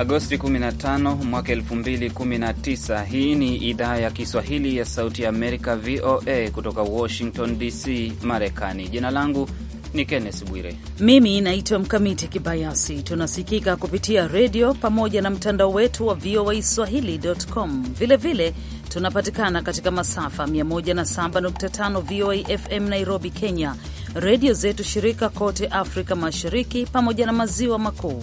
Agosti 15 mwaka 2019. Hii ni idhaa ya Kiswahili ya Sauti ya Amerika, VOA, kutoka Washington DC, Marekani. Jina langu ni Kenneth Bwire. Mimi naitwa Mkamiti Kibayasi. Tunasikika kupitia redio pamoja na mtandao wetu wa VOA swahili.com. Vilevile tunapatikana katika masafa 107.5 VOA FM Nairobi, Kenya, redio zetu shirika kote Afrika Mashariki pamoja na Maziwa Makuu.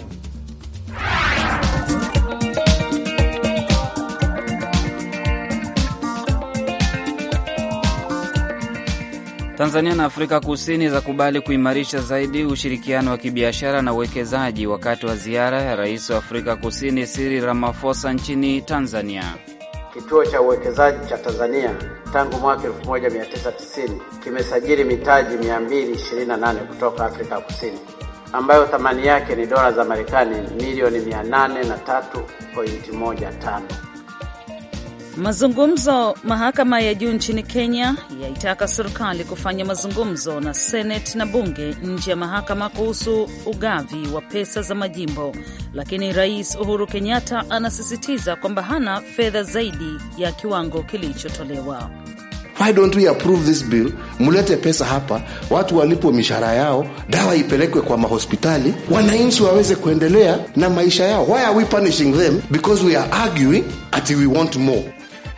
Tanzania na Afrika Kusini za kubali kuimarisha zaidi ushirikiano wa kibiashara na uwekezaji wakati wa ziara ya rais wa Afrika Kusini Cyril Ramaphosa nchini Tanzania. Kituo cha uwekezaji cha Tanzania tangu mwaka 1990 kimesajili mitaji 228 kutoka Afrika Kusini ambayo thamani yake ni dola za Marekani milioni 803.15. Mazungumzo. Mahakama ya juu nchini Kenya yaitaka serikali kufanya mazungumzo na seneti na bunge nje ya mahakama kuhusu ugavi wa pesa za majimbo, lakini Rais Uhuru Kenyatta anasisitiza kwamba hana fedha zaidi ya kiwango kilichotolewa. Why don't we approve this bill? Mlete pesa hapa, watu walipwe mishahara yao, dawa ipelekwe kwa mahospitali, wananchi waweze kuendelea na maisha yao. Why are we punishing them because we are arguing we want more?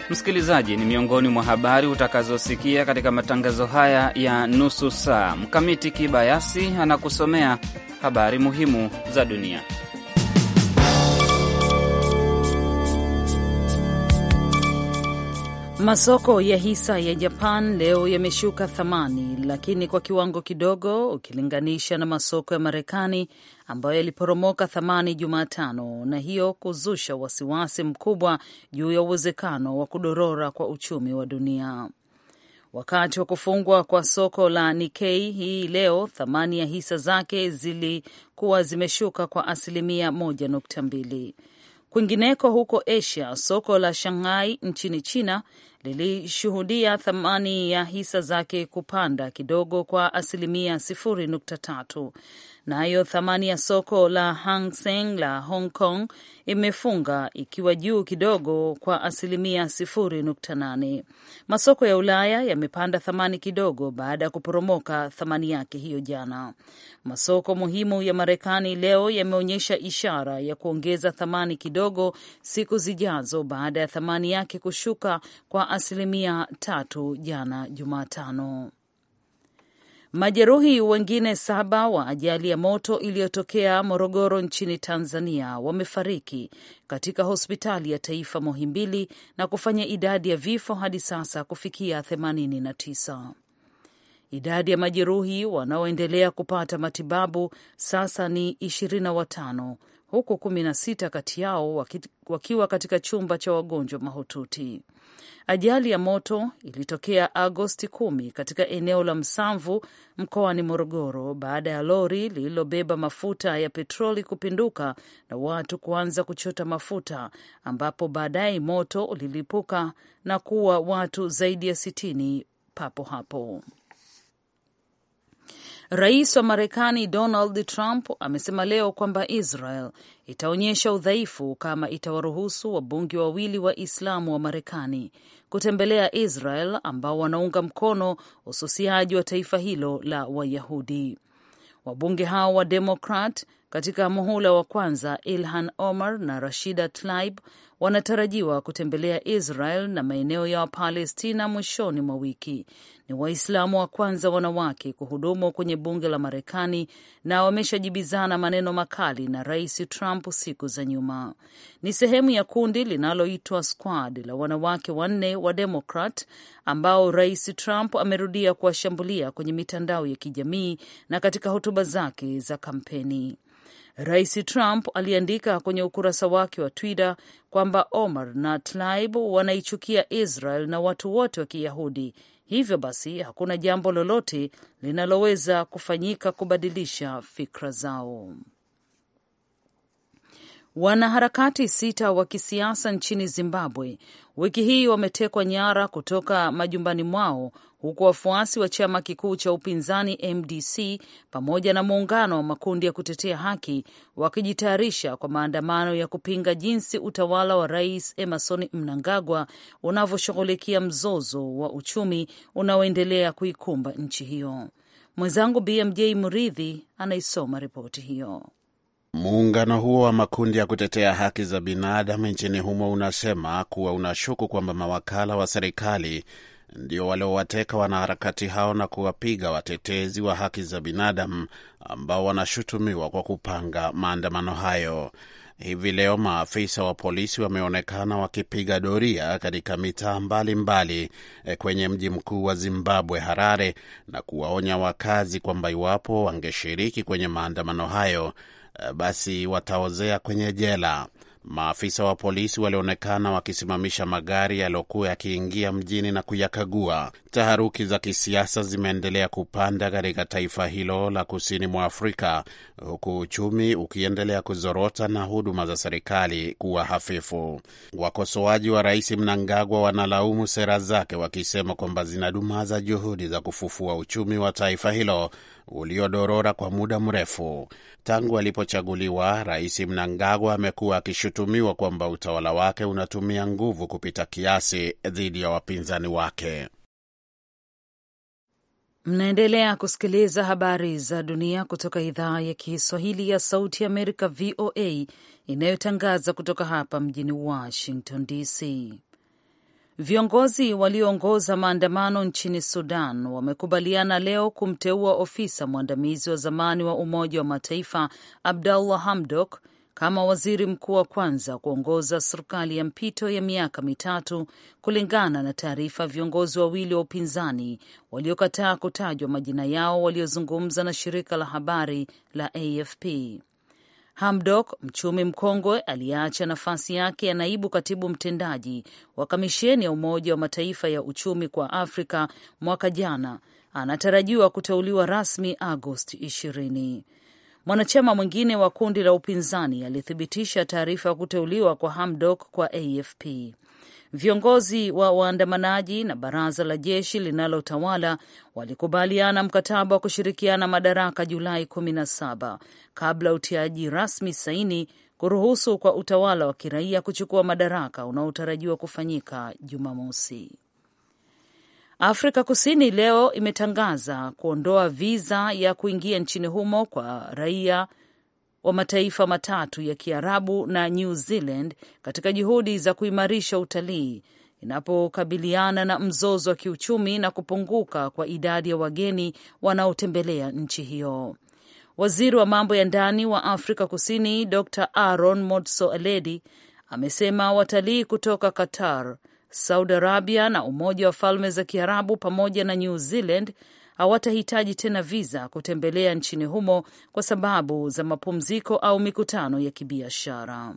Msikilizaji, ni miongoni mwa habari utakazosikia katika matangazo haya ya nusu saa. Mkamiti Kibayasi anakusomea habari muhimu za dunia. Masoko ya hisa ya Japan leo yameshuka thamani, lakini kwa kiwango kidogo ukilinganisha na masoko ya Marekani ambayo yaliporomoka thamani Jumatano, na hiyo kuzusha wasiwasi mkubwa juu ya uwezekano wa kudorora kwa uchumi wa dunia. Wakati wa kufungwa kwa soko la Nikkei hii leo, thamani ya hisa zake zilikuwa zimeshuka kwa asilimia nukta mbili Kwingineko huko Asia, soko la Shanghai nchini China lilishuhudia thamani ya hisa zake kupanda kidogo kwa asilimia 0.3. Nayo thamani ya soko la Hang Seng la Hong Kong imefunga ikiwa juu kidogo kwa asilimia s8 Masoko ya Ulaya yamepanda thamani kidogo baada ya kuporomoka thamani yake hiyo jana. Masoko muhimu ya Marekani leo yameonyesha ishara ya kuongeza thamani kidogo siku zijazo baada ya thamani yake kushuka kwa asilimia tatu jana Jumatano. Majeruhi wengine saba wa ajali ya moto iliyotokea Morogoro nchini Tanzania wamefariki katika hospitali ya taifa Muhimbili na kufanya idadi ya vifo hadi sasa kufikia 89. Idadi ya majeruhi wanaoendelea kupata matibabu sasa ni 25 huku kumi na sita kati yao wakiwa katika chumba cha wagonjwa mahututi. Ajali ya moto ilitokea Agosti kumi katika eneo la Msamvu mkoani Morogoro baada ya lori lililobeba mafuta ya petroli kupinduka na watu kuanza kuchota mafuta, ambapo baadaye moto ulilipuka na kuwa watu zaidi ya sitini papo hapo. Rais wa Marekani Donald Trump amesema leo kwamba Israel itaonyesha udhaifu kama itawaruhusu wabunge wawili wa islamu wa Marekani kutembelea Israel ambao wanaunga mkono ususiaji wa taifa hilo la Wayahudi. Wabunge hao wa Demokrat katika muhula wa kwanza Ilhan Omar na Rashida Tlaib wanatarajiwa kutembelea Israel na maeneo ya Wapalestina mwishoni mwa wiki. Ni Waislamu wa kwanza wanawake kuhudumu kwenye bunge la Marekani na wameshajibizana maneno makali na Rais Trump siku za nyuma. Ni sehemu ya kundi linaloitwa Squad la wanawake wanne wa Demokrat ambao Rais Trump amerudia kuwashambulia kwenye mitandao ya kijamii na katika hotuba zake za kampeni. Rais Trump aliandika kwenye ukurasa wake wa Twitter kwamba Omar na Tlaib wanaichukia Israel na watu wote wa Kiyahudi, hivyo basi hakuna jambo lolote linaloweza kufanyika kubadilisha fikra zao. Wanaharakati sita wa kisiasa nchini Zimbabwe wiki hii wametekwa nyara kutoka majumbani mwao huku wafuasi wa chama kikuu cha upinzani MDC pamoja na muungano wa makundi ya kutetea haki wakijitayarisha kwa maandamano ya kupinga jinsi utawala wa Rais Emerson Mnangagwa unavyoshughulikia mzozo wa uchumi unaoendelea kuikumba nchi hiyo. Mwenzangu BMJ Muridhi anaisoma ripoti hiyo. Muungano huo wa makundi ya kutetea haki za binadamu nchini humo unasema kuwa unashuku kwamba mawakala wa serikali ndio waliowateka wanaharakati hao na kuwapiga watetezi wa haki za binadamu ambao wanashutumiwa kwa kupanga maandamano hayo. Hivi leo maafisa wa polisi wameonekana wakipiga doria katika mitaa mbalimbali eh, kwenye mji mkuu wa Zimbabwe, Harare, na kuwaonya wakazi kwamba iwapo wangeshiriki kwenye maandamano hayo eh, basi wataozea kwenye jela. Maafisa wa polisi walionekana wakisimamisha magari yaliyokuwa yakiingia mjini na kuyakagua. Taharuki za kisiasa zimeendelea kupanda katika taifa hilo la kusini mwa Afrika, huku uchumi ukiendelea kuzorota na huduma za serikali kuwa hafifu. Wakosoaji wa Rais Mnangagwa wanalaumu sera zake, wakisema kwamba zinadumaza juhudi za kufufua uchumi wa taifa hilo uliodorora kwa muda mrefu. Tangu alipochaguliwa, Rais Mnangagwa amekuwa akishutumiwa kwamba utawala wake unatumia nguvu kupita kiasi dhidi ya wapinzani wake. Mnaendelea kusikiliza habari za dunia kutoka idhaa ya Kiswahili ya Sauti Amerika, VOA, inayotangaza kutoka hapa mjini Washington DC. Viongozi walioongoza maandamano nchini Sudan wamekubaliana leo kumteua ofisa mwandamizi wa zamani wa Umoja wa Mataifa Abdallah Hamdok kama waziri mkuu wa kwanza kuongoza serikali ya mpito ya miaka mitatu, kulingana na taarifa viongozi wawili wa upinzani waliokataa kutajwa majina yao waliozungumza na shirika la habari la AFP. Hamdok, mchumi mkongwe aliyeacha nafasi yake ya naibu katibu mtendaji wa kamisheni ya Umoja wa Mataifa ya uchumi kwa Afrika mwaka jana, anatarajiwa kuteuliwa rasmi Agosti 20. Mwanachama mwingine wa kundi la upinzani alithibitisha taarifa ya kuteuliwa kwa Hamdok kwa AFP. Viongozi wa waandamanaji na baraza la jeshi linalotawala walikubaliana mkataba wa kushirikiana madaraka Julai 17 kabla utiaji rasmi saini kuruhusu kwa utawala wa kiraia kuchukua madaraka unaotarajiwa kufanyika Jumamosi. Afrika Kusini leo imetangaza kuondoa viza ya kuingia nchini humo kwa raia wa mataifa matatu ya Kiarabu na New Zealand katika juhudi za kuimarisha utalii inapokabiliana na mzozo wa kiuchumi na kupunguka kwa idadi ya wageni wanaotembelea nchi hiyo. Waziri wa mambo ya ndani wa Afrika Kusini Dr Aaron Motsoaledi amesema watalii kutoka Qatar, Saudi Arabia na Umoja wa Falme za Kiarabu pamoja na New Zealand hawatahitaji tena viza kutembelea nchini humo kwa sababu za mapumziko au mikutano ya kibiashara.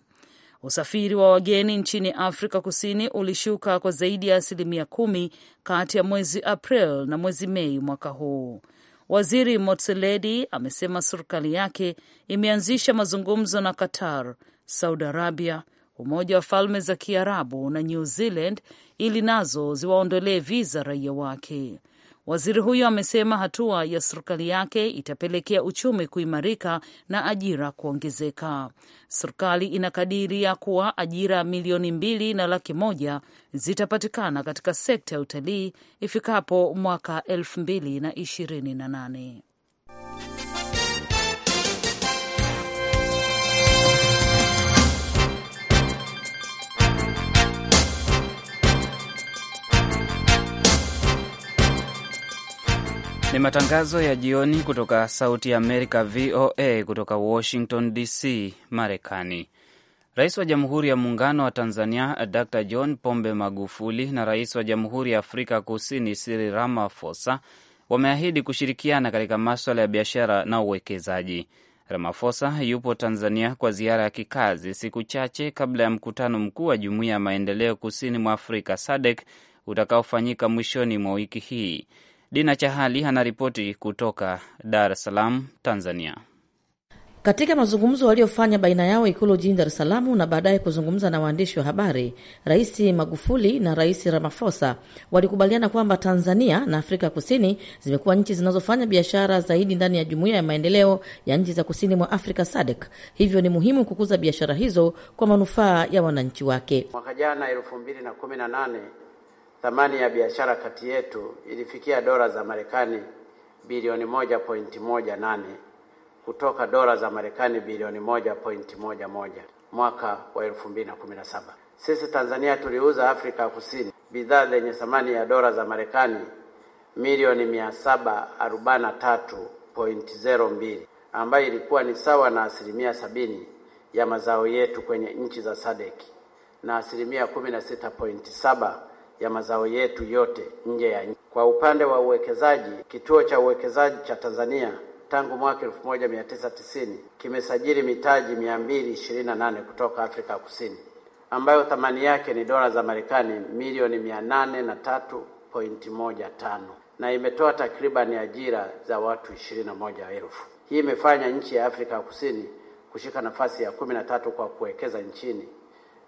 Usafiri wa wageni nchini Afrika Kusini ulishuka kwa zaidi ya asilimia kumi kati ya mwezi April na mwezi Mei mwaka huu. Waziri Motsoaledi amesema serikali yake imeanzisha mazungumzo na Qatar, Saudi Arabia, Umoja wa Falme za Kiarabu na New Zealand ili nazo ziwaondolee viza raia wake. Waziri huyo amesema hatua ya serikali yake itapelekea uchumi kuimarika na ajira kuongezeka. Serikali inakadiria kuwa ajira milioni mbili na laki moja zitapatikana katika sekta ya utalii ifikapo mwaka elfu mbili na ishirini na nane. Ni matangazo ya jioni kutoka Sauti ya Amerika, VOA, kutoka Washington DC, Marekani. Rais wa Jamhuri ya Muungano wa Tanzania Dr John Pombe Magufuli na Rais wa Jamhuri ya Afrika Kusini Cyril Ramaphosa wameahidi kushirikiana katika maswala ya biashara na uwekezaji. Ramaphosa yupo Tanzania kwa ziara ya kikazi siku chache kabla ya mkutano mkuu wa Jumuiya ya Maendeleo Kusini mwa Afrika sadek utakaofanyika mwishoni mwa wiki hii. Dina Chahali anaripoti kutoka Dar es Salaam, Tanzania. Katika mazungumzo waliofanya baina yao Ikulu jijini Dar es Salaam na baadaye kuzungumza na waandishi wa habari, Rais Magufuli na Rais Ramaphosa walikubaliana kwamba Tanzania na Afrika Kusini zimekuwa nchi zinazofanya biashara zaidi ndani ya Jumuiya ya Maendeleo ya Nchi za Kusini mwa Afrika, SADC. Hivyo ni muhimu kukuza biashara hizo kwa manufaa ya wananchi wake. Mwaka jana elfu mbili na kumi na nane thamani ya biashara kati yetu ilifikia dola za Marekani bilioni moja pointi moja nane kutoka dola za Marekani bilioni moja pointi moja moja mwaka wa elfu mbili na kumi na saba. Sisi Tanzania tuliuza Afrika Kusini bidhaa zenye thamani ya dola za Marekani milioni mia saba arobaini na tatu pointi zero mbili ambayo ilikuwa ni sawa na asilimia sabini ya mazao yetu kwenye nchi za Sadeki na asilimia kumi na sita pointi saba ya mazao yetu yote nje ya nchi. Kwa upande wa uwekezaji, kituo cha uwekezaji cha Tanzania tangu mwaka tisini kimesajili mitaji nane kutoka Afrika Kusini ambayo thamani yake ni dola za Marekani milioni nane na imetoa takribani ajira za watu elfu. Hii imefanya nchi ya Afrika Kusini kushika nafasi ya tatu kwa kuwekeza nchini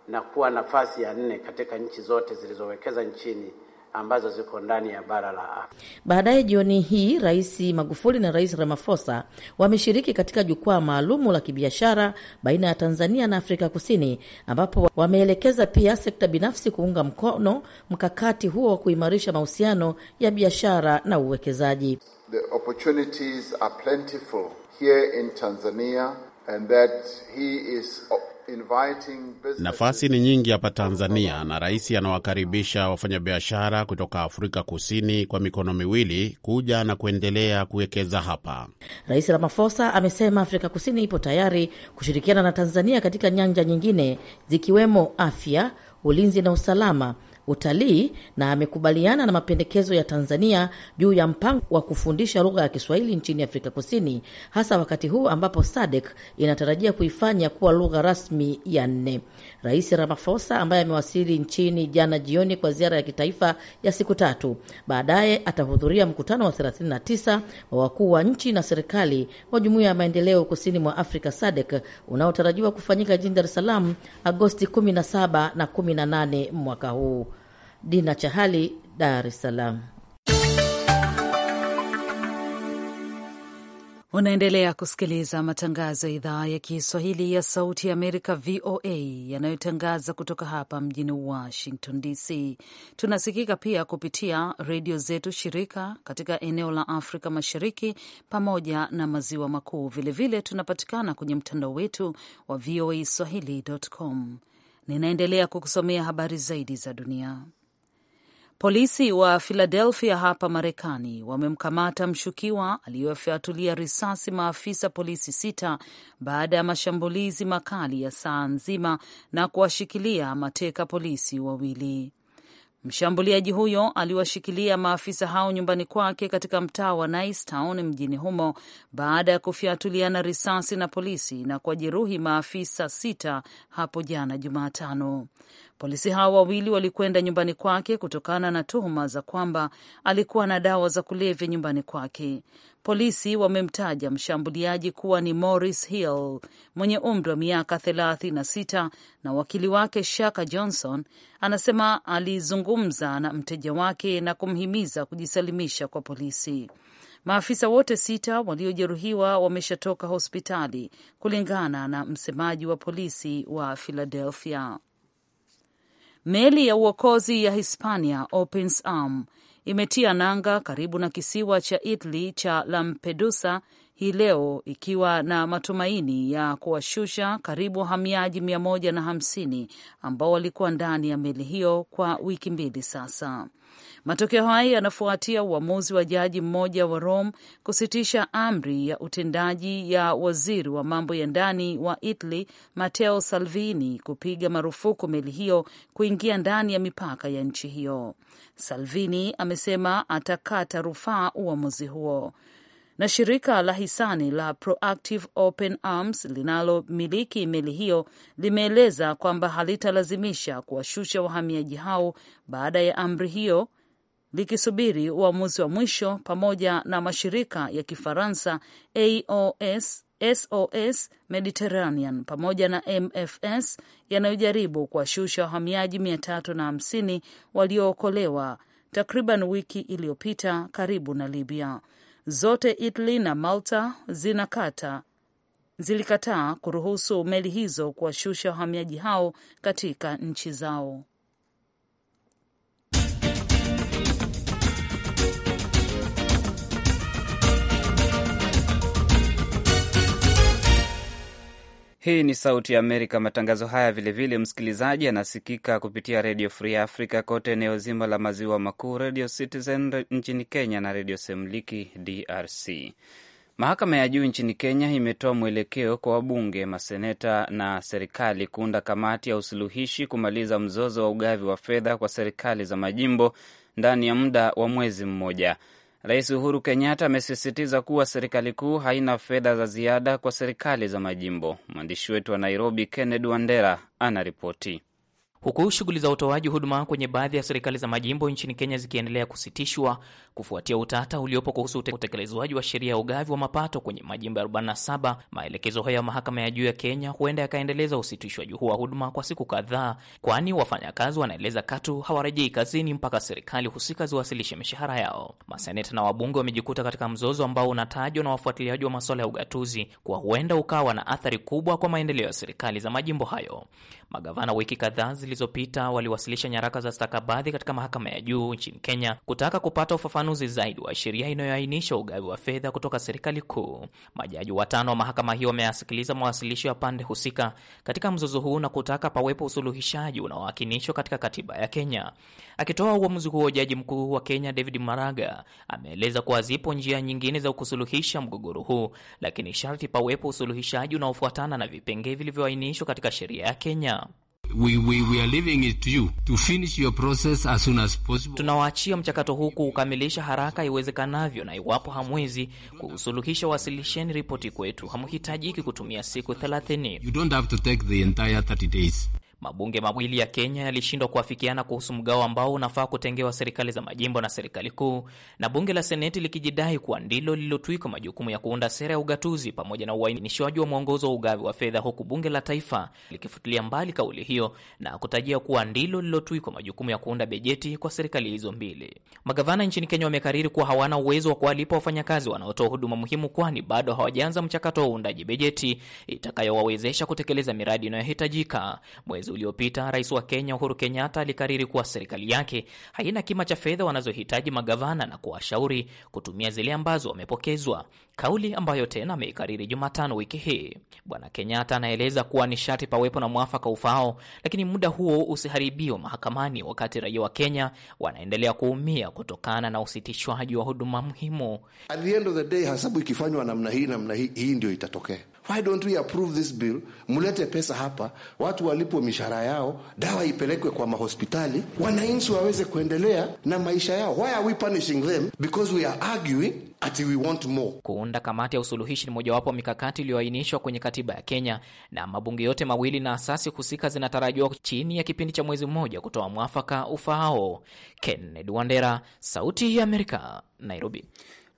na kuwa nafasi ya nne katika nchi zote zilizowekeza nchini ambazo ziko ndani ya bara la Afrika. Baadaye jioni hii Rais Magufuli na Rais Ramaphosa wameshiriki katika jukwaa maalumu la kibiashara baina ya Tanzania na Afrika Kusini ambapo wameelekeza pia sekta binafsi kuunga mkono mkakati huo wa kuimarisha mahusiano ya biashara na uwekezaji. The opportunities are plentiful here in Tanzania and that he is Nafasi ni nyingi hapa Tanzania na rais anawakaribisha wafanyabiashara kutoka Afrika Kusini kwa mikono miwili kuja na kuendelea kuwekeza hapa. Rais Ramaphosa amesema Afrika Kusini ipo tayari kushirikiana na Tanzania katika nyanja nyingine zikiwemo afya, ulinzi na usalama utalii na amekubaliana na mapendekezo ya Tanzania juu ya mpango wa kufundisha lugha ya Kiswahili nchini Afrika Kusini, hasa wakati huu ambapo SADC inatarajia kuifanya kuwa lugha rasmi ya nne. Rais Ramaphosa ambaye amewasili nchini jana jioni kwa ziara ya kitaifa ya siku tatu, baadaye atahudhuria mkutano wa 39 wa wakuu wa nchi na serikali wa Jumuiya ya Maendeleo Kusini mwa Afrika SADC unaotarajiwa kufanyika jijini Dar es Salaam Agosti 17 na 18 mwaka huu. Dina Chahali, Dar es Salaam. Unaendelea kusikiliza matangazo ya idhaa ya Kiswahili ya Sauti ya Amerika, VOA, yanayotangaza kutoka hapa mjini Washington DC. Tunasikika pia kupitia redio zetu shirika katika eneo la Afrika Mashariki pamoja na Maziwa Makuu. Vilevile tunapatikana kwenye mtandao wetu wa voa swahili.com. Ninaendelea kukusomea habari zaidi za dunia. Polisi wa Philadelphia hapa Marekani wamemkamata mshukiwa aliyofyatulia risasi maafisa polisi sita baada ya mashambulizi makali ya saa nzima na kuwashikilia mateka polisi wawili. Mshambuliaji huyo aliwashikilia maafisa hao nyumbani kwake katika mtaa wa Nice Town mjini humo baada ya kufyatuliana risasi na polisi na kuwajeruhi maafisa sita hapo jana Jumatano. Polisi hao wawili walikwenda nyumbani kwake kutokana na tuhuma za kwamba alikuwa na dawa za kulevya nyumbani kwake. Polisi wamemtaja mshambuliaji kuwa ni Morris Hill mwenye umri wa miaka 36 na wakili wake Shaka Johnson anasema alizungumza na mteja wake na kumhimiza kujisalimisha kwa polisi. Maafisa wote sita waliojeruhiwa wameshatoka hospitali kulingana na msemaji wa polisi wa Philadelphia. Meli ya uokozi ya Hispania Opens Arm imetia nanga karibu na kisiwa cha Italy cha Lampedusa hii leo ikiwa na matumaini ya kuwashusha karibu wahamiaji mia moja na hamsini ambao walikuwa ndani ya meli hiyo kwa wiki mbili sasa. Matokeo haya yanafuatia uamuzi wa jaji mmoja wa Rome kusitisha amri ya utendaji ya waziri wa mambo ya ndani wa Italy Matteo Salvini kupiga marufuku meli hiyo kuingia ndani ya mipaka ya nchi hiyo. Salvini amesema atakata rufaa uamuzi huo na shirika la hisani la Proactive Open Arms linalomiliki meli hiyo limeeleza kwamba halitalazimisha kuwashusha wahamiaji hao baada ya amri hiyo likisubiri uamuzi wa mwisho pamoja na mashirika ya Kifaransa AOS, SOS Mediterranean pamoja na MFS yanayojaribu kuwashusha wahamiaji 350 waliookolewa takriban wiki iliyopita karibu na Libya zote Italy na Malta zinakata zilikataa kuruhusu meli hizo kuwashusha wahamiaji hao katika nchi zao. Hii ni Sauti ya Amerika. Matangazo haya vilevile msikilizaji anasikika kupitia Redio Free Africa kote eneo zima la maziwa makuu, Redio Citizen nchini Kenya na Redio Semliki DRC. Mahakama ya juu nchini Kenya imetoa mwelekeo kwa wabunge, maseneta na serikali kuunda kamati ya usuluhishi kumaliza mzozo wa ugavi wa fedha kwa serikali za majimbo ndani ya muda wa mwezi mmoja. Rais Uhuru Kenyatta amesisitiza kuwa serikali kuu haina fedha za ziada kwa serikali za majimbo. Mwandishi wetu wa Nairobi, Kennedy Wandera, anaripoti huku shughuli za utoaji huduma kwenye baadhi ya serikali za majimbo nchini Kenya zikiendelea kusitishwa kufuatia utata uliopo kuhusu utekelezwaji wa sheria ya ugavi wa mapato kwenye majimbo ya 47. Maelekezo hayo ya mahakama ya juu ya Kenya huenda yakaendeleza usitishwaji huo wa huduma kwa siku kadhaa, kwani wafanyakazi wanaeleza katu hawarejei kazini mpaka serikali husika ziwasilishe mishahara yao. Maseneta na wabunge wamejikuta katika mzozo ambao unatajwa na wafuatiliaji wa masuala ya ugatuzi kuwa huenda ukawa na athari kubwa kwa maendeleo ya serikali za majimbo hayo. Magavana wiki kadhaa zilizopita waliwasilisha nyaraka za stakabadhi katika mahakama ya juu nchini Kenya kutaka kupata ufafanuzi zaidi wa sheria inayoainisha ugavi wa fedha kutoka serikali kuu. Majaji watano wa mahakama hiyo wameyasikiliza mawasilisho ya pande husika katika mzozo huu na kutaka pawepo usuluhishaji unaoakinishwa katika katiba ya Kenya. Akitoa uamuzi huo, jaji mkuu wa Kenya David Maraga ameeleza kuwa zipo njia nyingine za kusuluhisha mgogoro huu, lakini sharti pawepo usuluhishaji unaofuatana na vipengee vilivyoainishwa katika sheria ya Kenya we, we, we are leaving it to you to finish your process as soon as possible. Tunawaachia mchakato huu kuukamilisha haraka iwezekanavyo, na iwapo hamwezi kuusuluhisha, wasilisheni ripoti kwetu. Hamhitajiki kutumia siku 30. You don't have to take the entire 30 days. Mabunge mawili ya Kenya yalishindwa kuafikiana kuhusu mgao ambao unafaa kutengewa serikali za majimbo na serikali kuu, na bunge la Seneti likijidai kuwa ndilo lililotwikwa majukumu ya kuunda sera ya ugatuzi pamoja na uainishwaji wa mwongozo wa ugavi wa fedha, huku bunge la Taifa likifutilia mbali kauli hiyo na kutajia kuwa ndilo lililotwikwa majukumu ya kuunda bejeti kwa serikali hizo mbili. Magavana nchini Kenya wamekariri kuwa hawana uwezo wa kuwalipa wafanyakazi wanaotoa huduma muhimu, kwani bado hawajaanza mchakato wa uundaji bejeti itakayowawezesha kutekeleza miradi inayohitajika. Mwezi uliopita rais wa Kenya Uhuru Kenyatta alikariri kuwa serikali yake haina kima cha fedha wanazohitaji magavana na kuwashauri kutumia zile ambazo wamepokezwa, kauli ambayo tena ameikariri Jumatano wiki hii. Bwana Kenyatta anaeleza kuwa ni sharti pawepo na mwafaka ufaao, lakini muda huo usiharibiwa mahakamani, wakati raia wa Kenya wanaendelea kuumia kutokana na usitishwaji wa huduma muhimu. At the end of the day, ikifanywa namna hii namna hii, hii ndio itatokea. Why don't we approve this bill? mulete pesa hapa, watu walipwe mishahara yao, dawa ipelekwe kwa mahospitali, wananchi waweze kuendelea na maisha yao. Why are we punishing them because we are arguing ati we want more? Kuunda kamati ya usuluhishi ni mojawapo mikakati iliyoainishwa kwenye katiba ya Kenya, na mabunge yote mawili na asasi husika zinatarajiwa chini ya kipindi cha mwezi mmoja kutoa mwafaka ufaao. Kennedy Wandera, Sauti ya Amerika, Nairobi.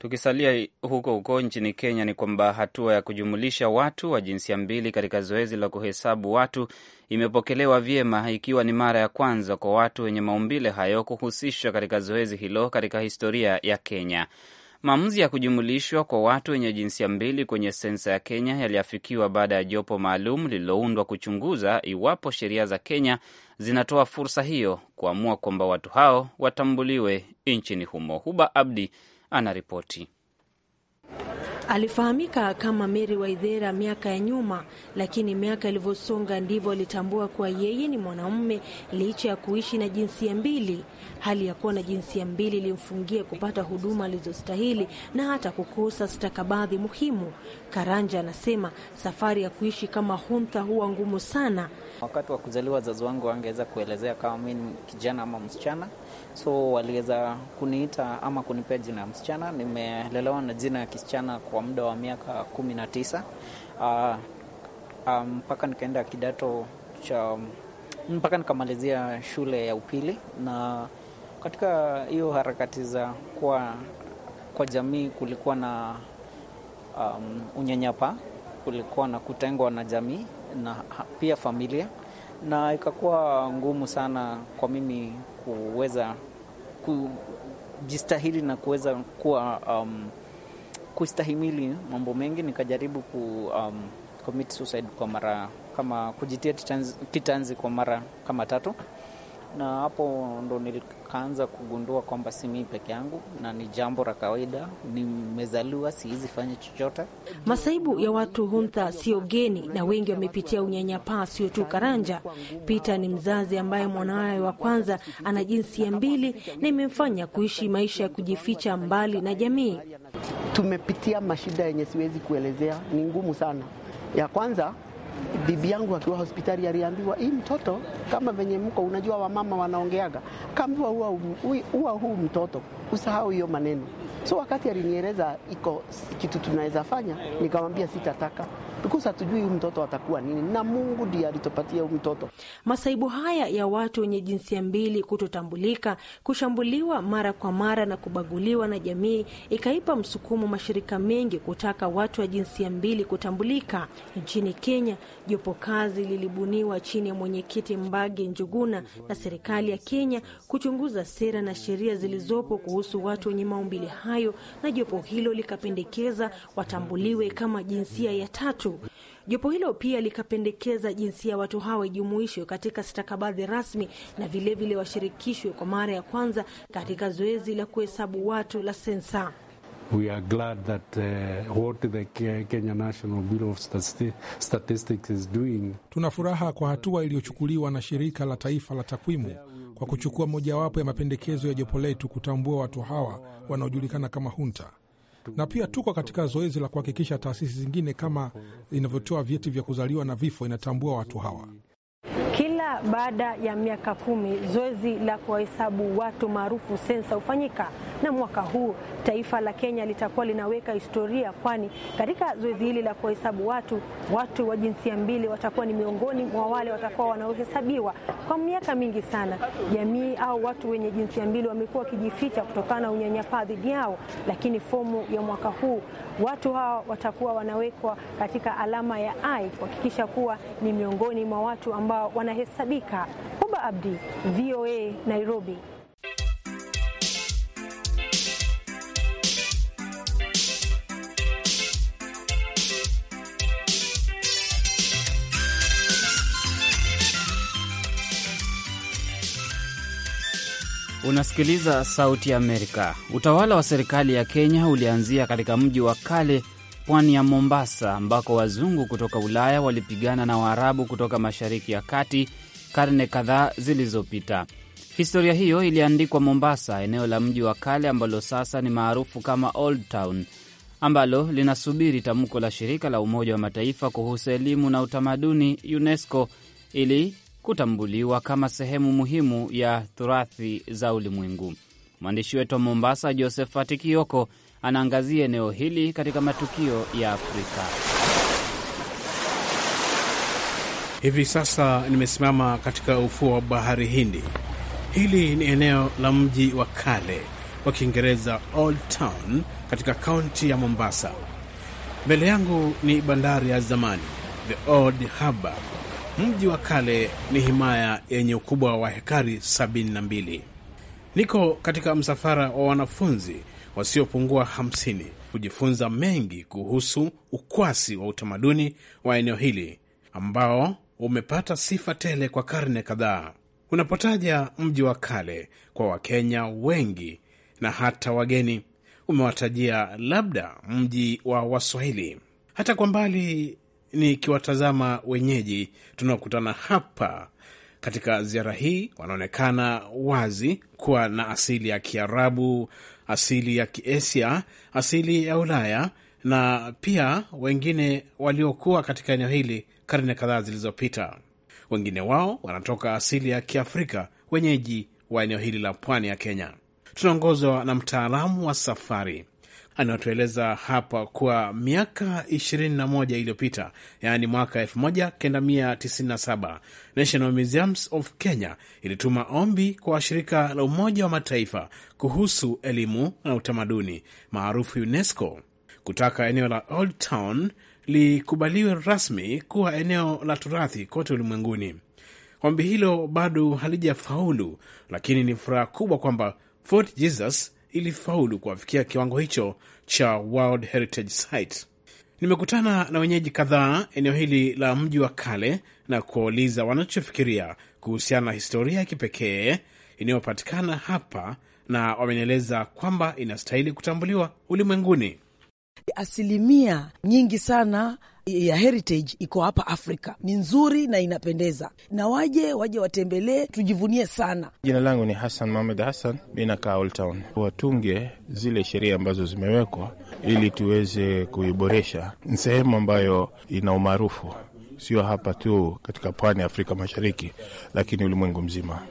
Tukisalia huko huko nchini Kenya, ni kwamba hatua ya kujumulisha watu wa jinsia mbili katika zoezi la kuhesabu watu imepokelewa vyema, ikiwa ni mara ya kwanza kwa watu wenye maumbile hayo kuhusishwa katika zoezi hilo katika historia ya Kenya. Maamuzi ya kujumulishwa kwa watu wenye jinsia mbili kwenye sensa ya Kenya yaliafikiwa baada ya jopo maalum lililoundwa kuchunguza iwapo sheria za Kenya zinatoa fursa hiyo, kuamua kwamba watu hao watambuliwe nchini humo. Huba Abdi anaripoti. Alifahamika kama Mary Waithera miaka ya nyuma, lakini miaka ilivyosonga ndivyo alitambua kuwa yeye ni mwanaume licha ya kuishi na jinsia mbili. Hali ya kuwa na jinsia mbili ilimfungia kupata huduma alizostahili na hata kukosa stakabadhi muhimu. Karanja anasema safari ya kuishi kama huntha huwa ngumu sana. Wakati wa kuzaliwa wazazi wangu wangeweza kuelezea kama mi ni kijana ama msichana so waliweza kuniita ama kunipea jina ya msichana. Nimelelewa na jina ya kisichana kwa muda wa miaka kumi na tisa ah, ah, mpaka um, nikaenda kidato cha mpaka nikamalizia shule ya upili. Na katika hiyo harakati za kuwa kwa jamii kulikuwa na um, unyanyapa, kulikuwa na kutengwa na jamii na pia familia, na ikakuwa ngumu sana kwa mimi kuweza kujistahili na kuweza kuwa um, kustahimili mambo mengi, nikajaribu ku um, commit suicide kwa mara kama kujitia kitanzi kwa mara kama tatu na hapo ndo nikaanza kugundua kwamba si mimi peke yangu na ni jambo la kawaida, nimezaliwa, siwezi fanya chochote. Masaibu ya watu huntha sio geni, na wengi wamepitia unyanyapaa, sio tu Karanja. Pita ni mzazi ambaye mwanawe wa kwanza ana jinsi ya mbili na imemfanya kuishi maisha ya kujificha mbali na jamii. Tumepitia mashida yenye siwezi kuelezea, ni ngumu sana. Ya kwanza bibi yangu akiwa hospitali aliambiwa, hii mtoto kama venye mko unajua, wamama wanaongeaga, kaambiwa huwa huu mtoto usahau hiyo maneno. So wakati alinieleza iko kitu tunaweza fanya, nikamwambia sitataka because hatujui huyu mtoto atakuwa nini, na Mungu ndiye alitupatia huyu mtoto. Masaibu haya ya watu wenye jinsia mbili kutotambulika, kushambuliwa mara kwa mara na kubaguliwa na jamii ikaipa msukumo mashirika mengi kutaka watu wa jinsia mbili kutambulika. Nchini Kenya, jopo kazi lilibuniwa chini ya mwenyekiti Mbage Njuguna na serikali ya Kenya kuchunguza sera na sheria zilizopo kuhusu watu wenye maumbile hayo, na jopo hilo likapendekeza watambuliwe kama jinsia ya tatu. Jopo hilo pia likapendekeza jinsia ya watu hawa ijumuishwe katika stakabadhi rasmi na vilevile washirikishwe kwa mara ya kwanza katika zoezi la kuhesabu watu la sensa. We are glad that uh, what the Kenya National Bureau of Statistics is doing. Tuna furaha kwa hatua iliyochukuliwa na shirika la taifa la takwimu kwa kuchukua mojawapo ya mapendekezo ya jopo letu kutambua watu hawa wanaojulikana kama hunta na pia tuko katika zoezi la kuhakikisha taasisi zingine kama inavyotoa vyeti vya kuzaliwa na vifo inatambua watu hawa. Kila baada ya miaka kumi zoezi la kuwahesabu watu maarufu sensa hufanyika na mwaka huu taifa la Kenya litakuwa linaweka historia, kwani katika zoezi hili la kuhesabu watu, watu wa jinsia mbili watakuwa ni miongoni mwa wale watakuwa wanaohesabiwa. Kwa miaka mingi sana, jamii au watu wenye jinsia mbili wamekuwa wakijificha kutokana na unyanyapaa dhidi yao, lakini fomu ya mwaka huu watu hawa watakuwa wanawekwa katika alama ya I kuhakikisha kuwa ni miongoni mwa watu ambao wanahesabika. Huba Abdi, VOA, Nairobi. Unasikiliza Sauti ya Amerika. Utawala wa serikali ya Kenya ulianzia katika mji wa kale pwani ya Mombasa, ambako wazungu kutoka Ulaya walipigana na Waarabu kutoka Mashariki ya Kati karne kadhaa zilizopita. Historia hiyo iliandikwa Mombasa, eneo la mji wa kale ambalo sasa ni maarufu kama Old Town, ambalo linasubiri tamko la shirika la Umoja wa Mataifa kuhusu elimu na utamaduni, UNESCO, ili kutambuliwa kama sehemu muhimu ya turathi za ulimwengu. Mwandishi wetu wa Mombasa, Josephat Kioko, anaangazia eneo hili katika matukio ya Afrika. Hivi sasa nimesimama katika ufuo wa bahari Hindi. Hili ni eneo la mji wa kale wa Kiingereza, Old Town, katika kaunti ya Mombasa. Mbele yangu ni bandari ya zamani, the Old Harbour Mji wa kale ni himaya yenye ukubwa wa hekari 72. Niko katika msafara wa wanafunzi wasiopungua 50 kujifunza mengi kuhusu ukwasi wa utamaduni wa eneo hili ambao umepata sifa tele kwa karne kadhaa. Unapotaja mji wa kale kwa Wakenya wengi na hata wageni, umewatajia labda mji wa Waswahili. Hata kwa mbali nikiwatazama wenyeji tunaokutana hapa katika ziara hii, wanaonekana wazi kuwa na asili ya Kiarabu, asili ya Kiasia, asili ya Ulaya na pia wengine waliokuwa katika eneo hili karne kadhaa zilizopita. Wengine wao wanatoka asili ya Kiafrika, wenyeji wa eneo hili la pwani ya Kenya. Tunaongozwa na mtaalamu wa safari anatueleza hapa kuwa miaka 21 iliyopita, yaani mwaka 1997 National Museums of Kenya ilituma ombi kwa shirika la Umoja wa Mataifa kuhusu elimu na utamaduni maarufu UNESCO kutaka eneo la Old Town likubaliwe rasmi kuwa eneo la turathi kote ulimwenguni. Ombi hilo bado halijafaulu, lakini ni furaha kubwa kwamba Fort Jesus ilifaulu kuwafikia kiwango hicho cha World Heritage Site. Nimekutana na wenyeji kadhaa eneo hili la mji wa kale na kuwauliza wanachofikiria kuhusiana na historia ya kipekee inayopatikana hapa, na wamenieleza kwamba inastahili kutambuliwa ulimwenguni. Asilimia nyingi sana ya heritage iko hapa Afrika, ni nzuri na inapendeza, na waje waje watembelee, tujivunie sana. Jina langu ni Hassan Mohamed Hassan, mi nakaa Old Town. Watunge zile sheria ambazo zimewekwa ili tuweze kuiboresha. Ni sehemu ambayo ina umaarufu, sio hapa tu katika pwani ya Afrika Mashariki, lakini ulimwengu mzima.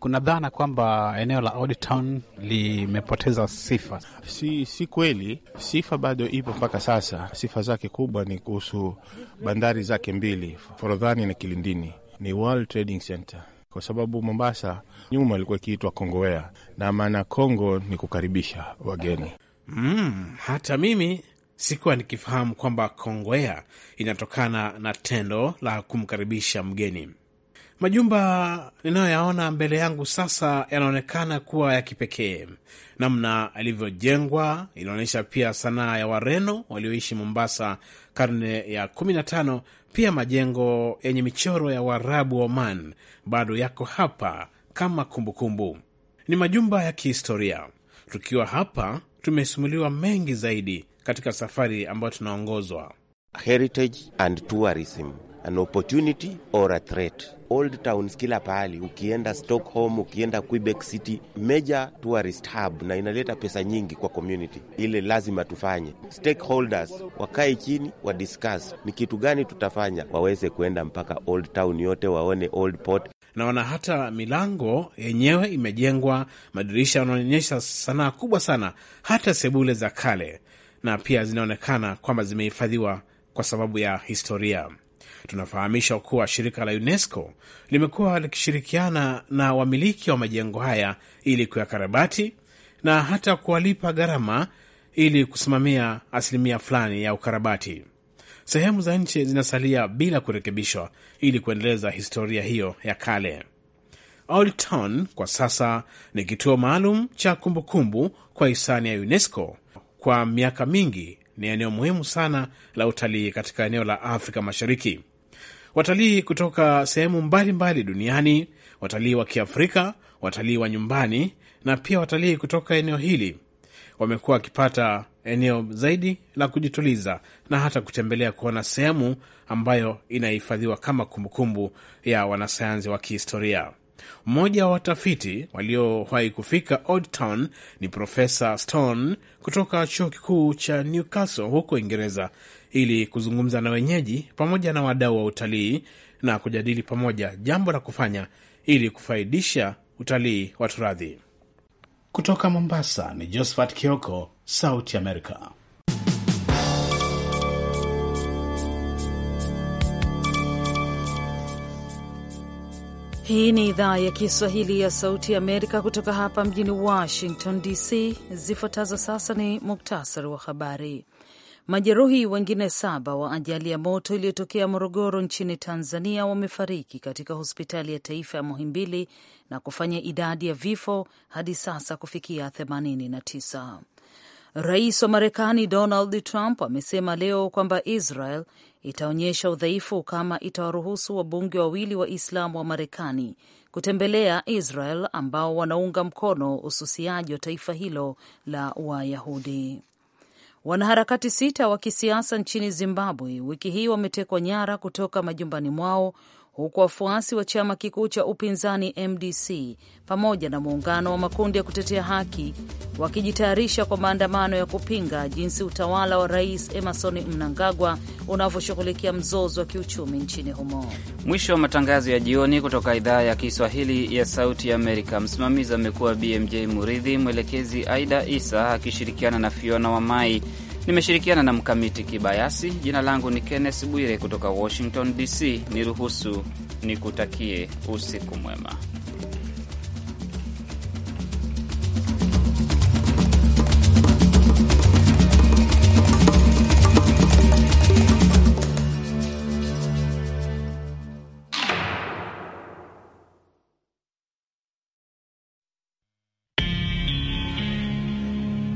Kuna dhana kwamba eneo la Old Town limepoteza sifa. Si, si kweli. Sifa bado ipo mpaka sasa. Sifa zake kubwa ni kuhusu bandari zake mbili, Forodhani na Kilindini, ni World Trading Center kwa sababu Mombasa nyuma ilikuwa ikiitwa Kongowea na maana Kongo ni kukaribisha wageni. Mm, hata mimi sikuwa nikifahamu kwamba Kongowea inatokana na tendo la kumkaribisha mgeni. Majumba ninayoyaona mbele yangu sasa yanaonekana kuwa ya kipekee. Namna yalivyojengwa inaonyesha pia sanaa ya Wareno walioishi Mombasa karne ya 15. Pia majengo yenye michoro ya Waarabu wa Oman bado yako hapa kama kumbukumbu kumbu. Ni majumba ya kihistoria. Tukiwa hapa tumesimuliwa mengi zaidi katika safari ambayo tunaongozwa Heritage and Tourism an opportunity or a threat. Old towns kila pahali, ukienda Stockholm, ukienda Quebec City, major tourist hub, na inaleta pesa nyingi kwa community ile. Lazima tufanye stakeholders wakae chini wa discuss ni kitu gani tutafanya, waweze kuenda mpaka old town yote waone old port. Naona hata milango yenyewe imejengwa, madirisha yanaonyesha sanaa kubwa sana, hata sebule za kale, na pia zinaonekana kwamba zimehifadhiwa kwa sababu ya historia. Tunafahamisha kuwa shirika la UNESCO limekuwa likishirikiana na wamiliki wa majengo haya ili kuyakarabati na hata kuwalipa gharama ili kusimamia asilimia fulani ya ukarabati. Sehemu za nchi zinasalia bila kurekebishwa ili kuendeleza historia hiyo ya kale. Old Town kwa sasa ni kituo maalum cha kumbukumbu kumbu kwa hisani ya UNESCO. Kwa miaka mingi ni eneo muhimu sana la utalii katika eneo la Afrika Mashariki watalii kutoka sehemu mbalimbali duniani, watalii wa Kiafrika, watalii wa nyumbani na pia watalii kutoka eneo hili wamekuwa wakipata eneo zaidi la kujituliza na hata kutembelea kuona sehemu ambayo inahifadhiwa kama kumbukumbu ya wanasayansi wa kihistoria. Mmoja wa watafiti waliowahi kufika Old Town ni Profesa Stone kutoka chuo kikuu cha Newcastle huko Uingereza, ili kuzungumza na wenyeji pamoja na wadau wa utalii na kujadili pamoja jambo la kufanya ili kufaidisha utalii wa turadhi. Kutoka Mombasa ni Josephat Kioko, Sauti America. Hii ni idhaa ya Kiswahili ya Sauti Amerika kutoka hapa mjini Washington DC. Zifuatazo sasa ni muktasari wa habari. Majeruhi wengine saba wa ajali ya moto iliyotokea Morogoro nchini Tanzania wamefariki katika hospitali ya taifa ya Muhimbili na kufanya idadi ya vifo hadi sasa kufikia 89. Rais wa Marekani Donald Trump amesema leo kwamba Israel itaonyesha udhaifu kama itawaruhusu wabunge wawili wa Islamu wa Marekani kutembelea Israel ambao wanaunga mkono ususiaji wa taifa hilo la Wayahudi. Wanaharakati sita wa kisiasa nchini Zimbabwe wiki hii wametekwa nyara kutoka majumbani mwao huku wafuasi wa chama kikuu cha upinzani MDC pamoja na muungano wa makundi ya kutetea haki wakijitayarisha kwa maandamano ya kupinga jinsi utawala wa Rais Emerson Mnangagwa unavyoshughulikia mzozo wa kiuchumi nchini humo. Mwisho wa matangazo ya jioni kutoka idhaa ya Kiswahili ya Sauti ya Amerika. Msimamizi amekuwa BMJ Muridhi, mwelekezi Aida Isa akishirikiana na Fiona Wamai. Nimeshirikiana na Mkamiti Kibayasi. Jina langu ni Kenneth Bwire kutoka Washington DC. Niruhusu nikutakie usiku mwema.